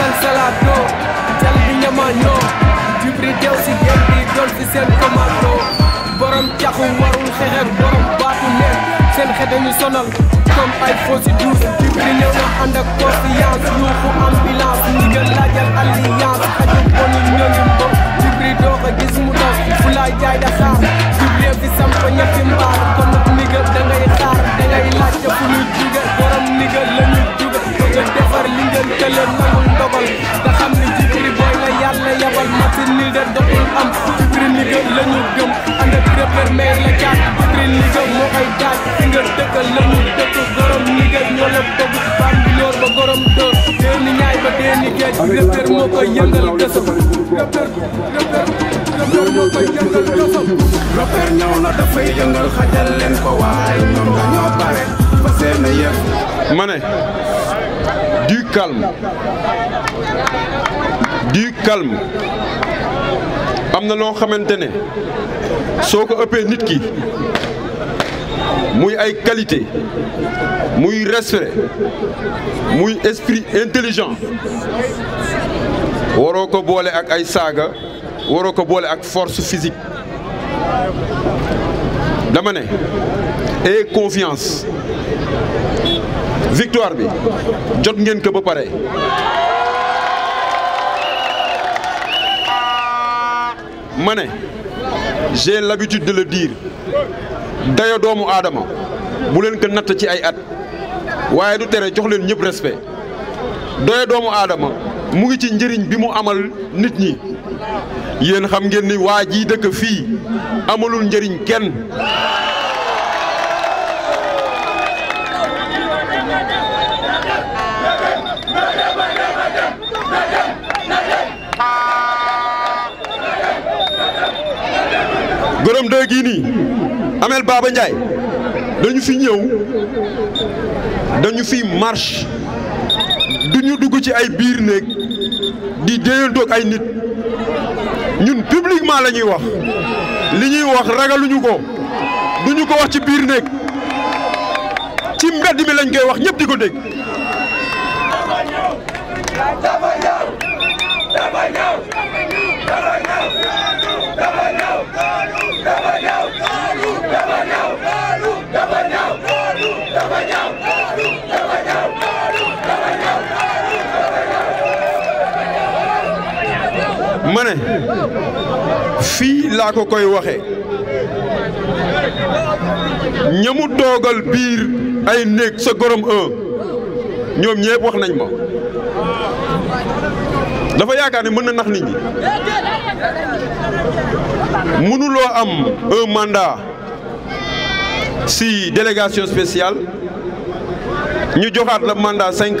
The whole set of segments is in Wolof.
sansalato cal bi ñamano jibri dew si gem bi doon fi seen commando borom caxu warul xeexek borom baatu neen seen xete ñu sonal comme ay fausse douce jibri ñëw na ànd ak confiance yuuxu ambulance ndigal laajal alliance xajul bonu ñooñu mbom jibri doo ko gis mu dos fu laay da xaar jibri fi samp ñetti mbaar kon nag ndigal da ngay xaar da ngay laajte fu ñu jigal borom ndigal la ñu te defar li ngeen tële nangul ndogal te xam ni Djibril Boy la yàlla yabal matin ni de dootul am Djibril ni gëm la ñu gëm ànd la caat Djibril ni gëm moo koy daaj fi nga dëkkal gorom ni gëm ñoo la bëgg ba gorom dóor déeni ñaay ba déeni géej repère moo koy yëngal gësëm repère repère na dafay yëngal xajal leen ko waaye ñoom dañoo bare ba seen yëf ma du calme du calme amna lo xamantene soko ne nit qualité respect muy esprit intelligent waroo ko ak ay force physique dama né et confiance victoire bi jot ngeen ko ba pare mané j'ai l'habitude de le dire dayo doomu adama bu len ko nat ci ay at waye du téré jox len ñëpp respect dayo doomu adama mu ngi ci njëriñ bi mu amal nit ñi yeen xam ngeen ni waa ji dëkk amalul njëriñ kenn borom de gi ni amel Baba Ndiaye dañu fi ñew dañu fi marche duñu dugg ci ay bir nek di déyantoog ay nit ñun publiquement lañuy wax li ñuy wax ragaluñu ko duñu ko wax ci bir nek ci mbedd mi lañ koy wax ñepp diko deg dégg. dafa ñëw dafa ma fii laa ko koy waxee ñamu toogal biir ay néeg sa gorom un ñoom ñëpp wax nañ ma dafa yaakaar ne mën na nax nit ñi mënuloo am un mandat si délégation spéciale ñu joxaat la mandat cinq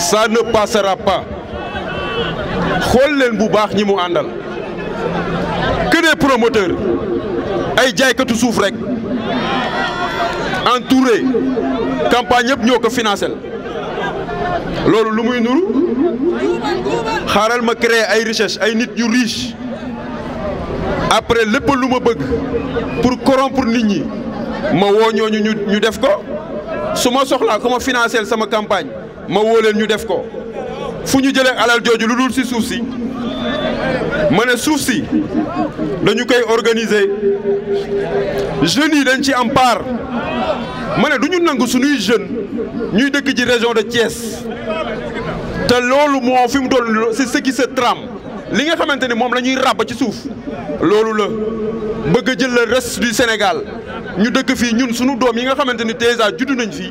ça ne passera pas Regardez les bu baax ñi mu que des promoteurs ay jaaykatu suuf rek entouré campagne yëpp ñoo ko financé loolu lu muy nuru xaaral ma créer ay richesse ay nit ñu riche après lépp lu ma bëgg pour corrompre nit ñi ma woo ñooñu ñu ñu def ko su ma ko ma financé sama campagne ma woo ñu def ko fu ñu jëlee alal joju lu dul ci suuf si ma ne suuf dañu koy organiser jeunes yi dañ ci am part mané duñu nang ñu nangu suñuy jeunes ñuy dëkk ci région de Thiès té lolu mo fi mu doon c'est ce qui se trame li nga xamanteni mom lañuy rab ci souf lolu la bëgg jël le reste du Sénégal ñu dëkk fi ñun suñu doom yi nga xamanteni ni déjà juddu nañ fi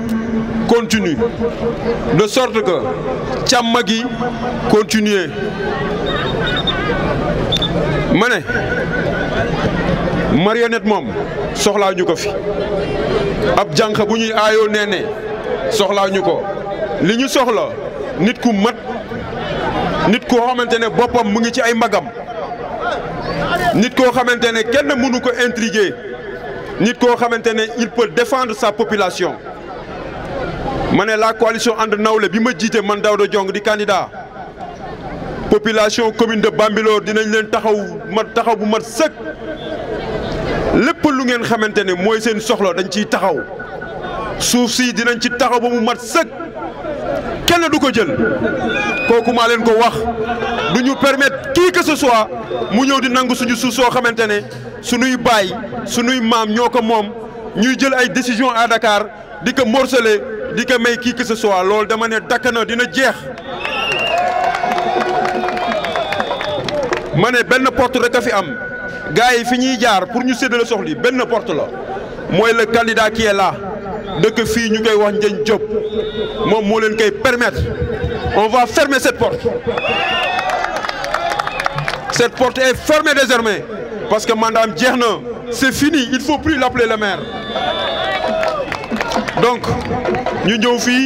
continue de sorte que Chamagui continue. continuer marionnette mom, soxlaa ñu ko fi ab Nene, bu ñuy aayoo nee ko nit ku mat nit koo xamante bopam boppam mu ay magam nit koo xamante ne kenn mënu ko intriguer nit koo il peut défendre sa population Mané la coalition entre nawle bima ma man population commune de Bambilor dinañ len taxaw mat taxaw bu mat les Lepp lu ngeen ne seen dañ ci taxaw Souf si dinañ ci taxaw les mat kenn du ko jël ko wax permettre qui que ce soit mu que di nang suñu avons so suñuy suñuy ñuy jël décision à Dakar di morceler dites may qui que ce soit lol, de manière d'accord, d'une dina jeex belle ne porte rek a fi am gars yi fi pour jaar pour ñu séddale soxli porte la moi le candidat qui est là de que ñu nous wax un job. moom moi leen koy permettre on va fermer cette porte cette porte est fermée désormais parce que Madame jeex c'est fini il faut plus l'appeler le maire donc ñu ñëw fii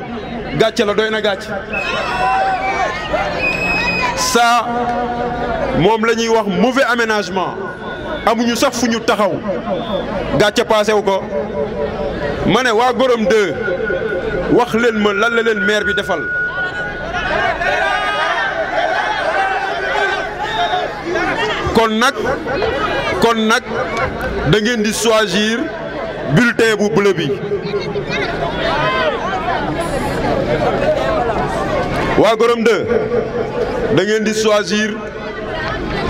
gàcce la doyna na gàcce ça moom la wax mauvais aménagement amuñu sax fuñu taxaw gàcce passé wu mané wa ne Gorom 2 wax leen ma lan la leen maire bi defal kon nak kon nak da ngeen di choisir bulletin bu bleu bi. waa Gorom 2 da di choisir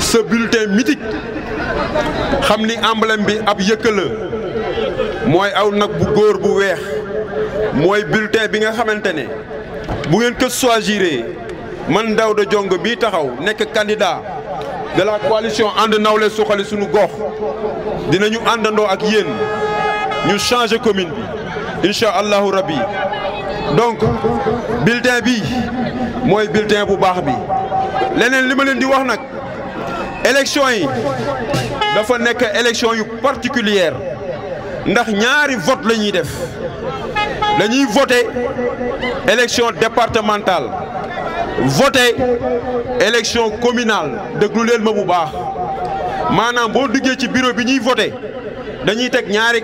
ce bulletin mitik xam ni emblème bi ab yëkka mooy aw nag bu góor bu weex mooy bulletin bi nga xamante ne bu ngeen ko choisiree man Daouda jong bii taxaw nekk candidat de la coalition ànd nawle suxali suñu gox dinañu àndandoo ak yéen ñu changer commune bi incha allahu rabbi donc bulletin bi moi bulletin bu Barbie. bi leneen li di wax élection yi dafa nekk élection yu particulière ndax ñaari vote le ñuy def dañuy voter élection départementale voter élection communale de leen ma bu baax maanaam boo duggee ci bureau bi ñuy voté dañuy teg ñaari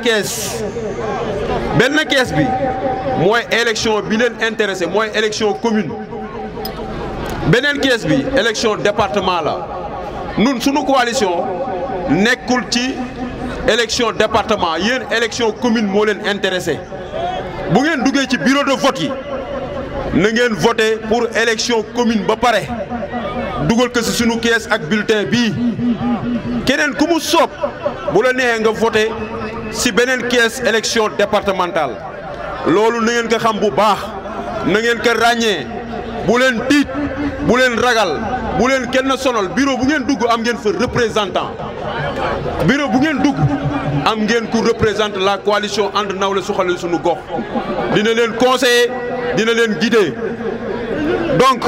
benn kees bi mooy élection bi leen intéressé mooy élection commune beneen kees bi élection département la nun suñu coalition nekkul ci élection département une élection commune moo leen intéressé bu ngeen duggee ci bureau de vote yi na voté pour élection commune ba pare dugal ko si suñu kees ak bulletin bii keneen ku mu soob bu la neexee nga voté si benen kies élection départementale lolou na ngeen ko xam bu baax na ngeen ko ragné bu bu ragal bu len kenn bureau bu ngeen dugg représentant bureau bu ngeen dugg am représente la coalition entre nawle gox dina len conseiller dina guider donc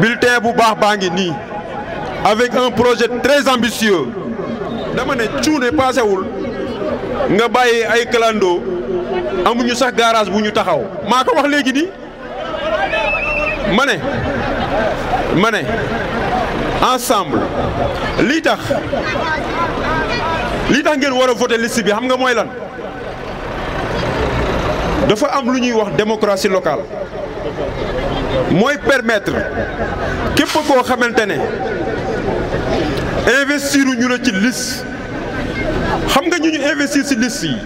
bulletin bu baax avec un projet très ambitieux dama ne pas nga bàyyi ay clando amuñu sax garage bu ñu taxaw maa wax léegi nii ma ne ma ne ensemble lii tax lii tax ngeen war a voté liste bi xam nga mooy lan dafa am lu ñuy wax démocratie locale mooy permettre képp koo xamante ne investiru ñu la ci liste. xam nga ñu investir ci liste yi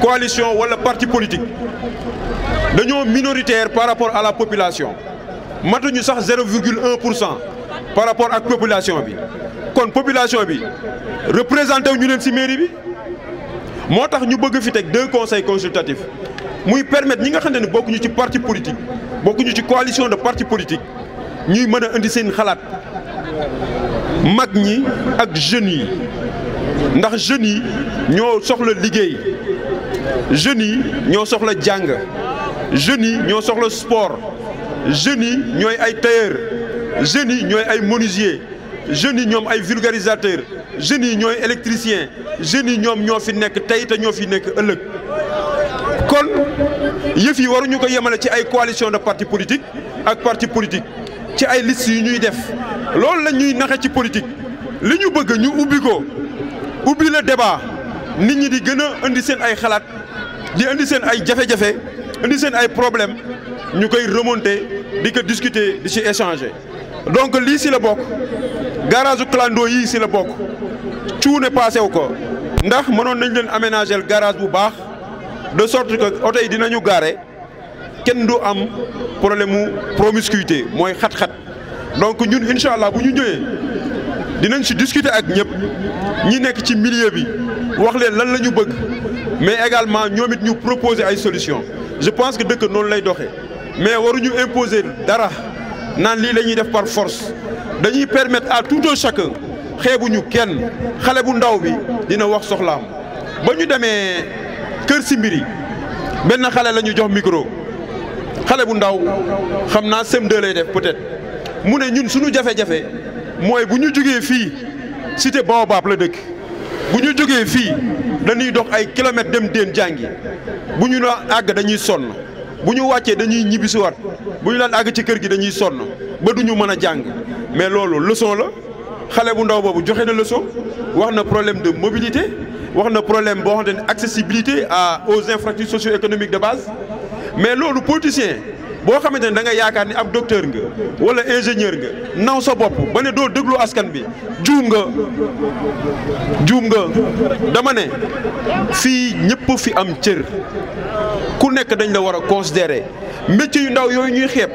coalition parti politique sommes minoritaires par rapport à la population Nous sax 0,1% par rapport à la population bi la population représente, représenté wu ñu mairie bi nous ñu bëgg deux conseils consultatifs muy permettre ñi nga partis ci parti politique coalition de parti politique nous avons un indi seen xalaat mag jeunes ndax jeunes yi ñoo soxla liguey jeunes yi ñoo soxla jang jeunes yi ñoo soxla sport jeunes yi ñooy ay tailleur jeunes yi ñooy ay menuisier jeunes yi ñoom ay vulgarisateur jeunes yi ñooy électricien jeunes yi ñoom ñoo fi nekk tay te ñoo fi nekk ëllëg kon yëf yi waruñu ko yemale ci ay coalition de parti politique ak parti politique ci ay liste yu ñuy def loolu la ñuy naxé ci politique li ñu bëgg ñu ubbi ko oublie le débat nous avons di a dit seen ay xalaat di des seen ay seen problème remonter di discuter échanger. donc le le garage de yii ci la passé Nous avons garage de sorte que problème de promiscuité donc nous, Inch'Allah, nous dinañ ci discuter ak ñep ñi nekk ci milieu bi wax leen lan lañu bëgg mais également ñomit ñu proposer ay solution je pense que dëkk non lay doxé mais waruñu imposer dara nan li lañuy def par force dañuy permettre à tout un chacun xeebuñu kenn xalé bu ndaw bi dina wax soxlaam bañu démé kër si mbiri benn xale jox micro xalé bu ndaw xamna sem deux lay def peut-être mune ñun suñu jafé. jafé moy buñu ñu fi cité Baobab la dëkk buñu ñu fi dañuy dox ay kilomètres dem den jàngi buñu ñu la àgg dañuy sonn buñu waccé dañuy ñibisu wat buñu daan ag ci kër gi dañuy sonn ba duñu mëna jang mais loolu leçon la xalé bu ndaw bobu joxé na leçon waxna problème de mobilité waxna problème bo xamante accessibilité à aux infrastructures socio-économiques de base mais loolu politicien boo xamante ne da nga yaakaar ni ab docteur nga wala ingénieur nga naw sa bopp ba ne doo déglu askan bi juum nga juum nga dama ne fii ñëpp fi am cër ku nekk dañ la war a considérer métier yu ndaw yooyu ñuy xeeb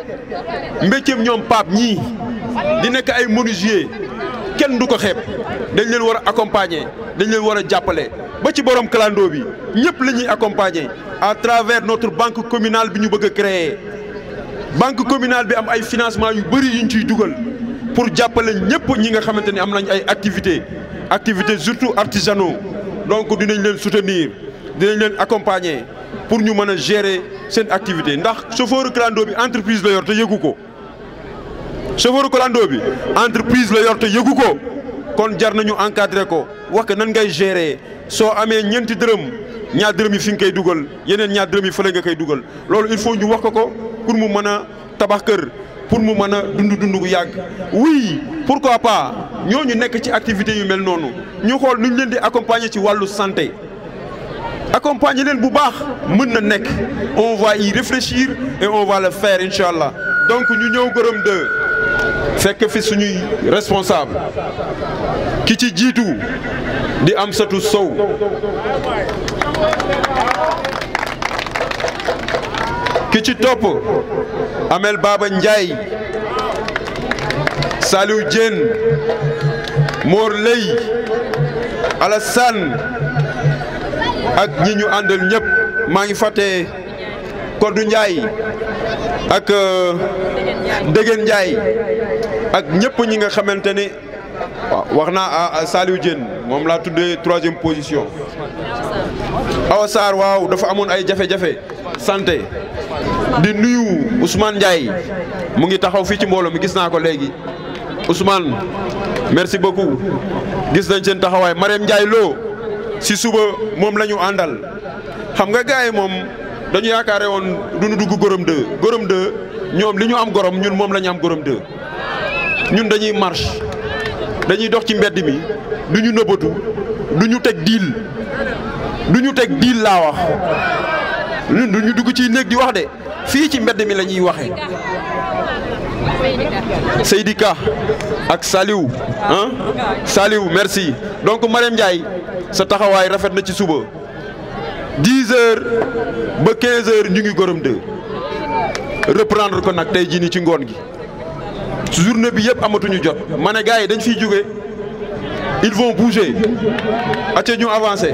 métier ñoom paap ñii di nekk ay menuisier kenn du ko xeeb dañ leen war a accompagner dañ leen war a jàppale ba ci borom clando bi ñëpp la ñuy accompagner à travers notre banque communale bi ñu bëgg a créer banque communale bi am ay financement yu bari yuñ ñu ciy dugal pour jappalé ñëpp ñi nga xamanteni am nañ ay activité activité surtout artisanaux donc dinañ leen soutenir dinañ leen accompagner pour ñu mëna gérer seen activité ndax chauffeur clando bi entreprise la yor te yëgu ko chauffeur clando bi entreprise la yor te yëgu ko kon jar nañu encadrer ko wax nan ngay gérer so amé ñenti dërëm ñaar dërëm yi fi nga koy dugal yeneen ñaar dërëm yi fële nga koy dugal loolu il faut ñu wax ko ko pour mu mën a tabax kër pour mu mën a dund dund bu yàgg oui pourquoi pas ñooñu nekk ci activité yu mel noonu ñu xool nu ñu leen di accompagner ci wàllu santé accompagner leen bu baax mën na nekk on va y réfléchir et on va le faire incha allah donc ñu ñëw Gorom 2 fekk fi suñuy responsable ki ci jiitu di am Amsatou Sow ki ci topp Amel Baba njaay Saliou Diène Mor Ley Alassane ak ñi ñu àndal ñëpp maa ngi fàtte kodu Ndiaye ak Degen euh, njaay ak ñëpp ñi nga xamante ne waaw wax a ah, Saliou Diène moom laa tuddee troisième position Awa sar waw dafa amone ay jafé jafé santé di nuyu Ousmane ndjay mu ngi taxaw fi ci mbolo mi gis nako ko Ousmane merci beaucoup gis nañ sen taxaway Marème ndjay lo si suba mom lañu andal. xam nga gaay mom dañu yaakaare won duñu dugg Gorom 2 Gorom 2 ñom liñu am gorom ñun mom lañu am Gorom 2 ñun dañuy marche dañuy dox ci mbedd mi duñu ñu duñu tek ñu Nous ñu teg diil Nous nous ñun nous nous dugg ci nous di wax nous hein? merci donc 10 h 15 h nous reprendre le contact Nous Chingongi. nii ci jour gi journée bi ils vont bouger nous avancer.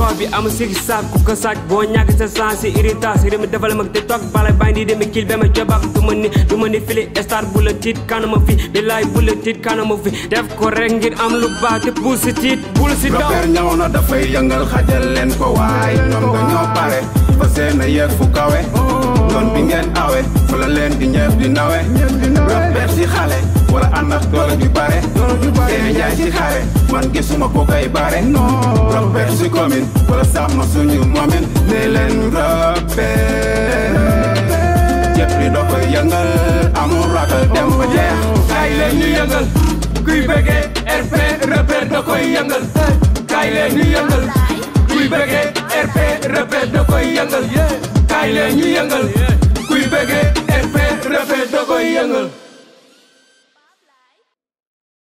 soobi am sigi saak ku ko saaj bo ñàkk sa sens irritas réew defal mak di tok bala bàyyi di demi kil bema jobax du ma du mani fili star bu la tiit kanama fi di lay bu la tiit kanama fi def ko rek ngir am lu ba te bul si tiit bul si do rappeur ñëw na dafay yëngal xajal len ko waay nga ñoo pare fa sene nah, a fu kawé kon bi ngeen awe fa la len di ñeuf di nawe rappeur si xalé wala anax ko la Seyni Njaay ci xare man gisuma ko koy bare non robert si commune wala sàmm suñu moomin ne leen robert jëppi doo koy yëngal amul dem ba jeex ñu yëngal kuy bëggee RP repère da koy yëngal kaay ñu yëngal kuy bëggee RP repère da koy yëngal kaay ñu yëngal kuy bëggee RP repère da koy yëngal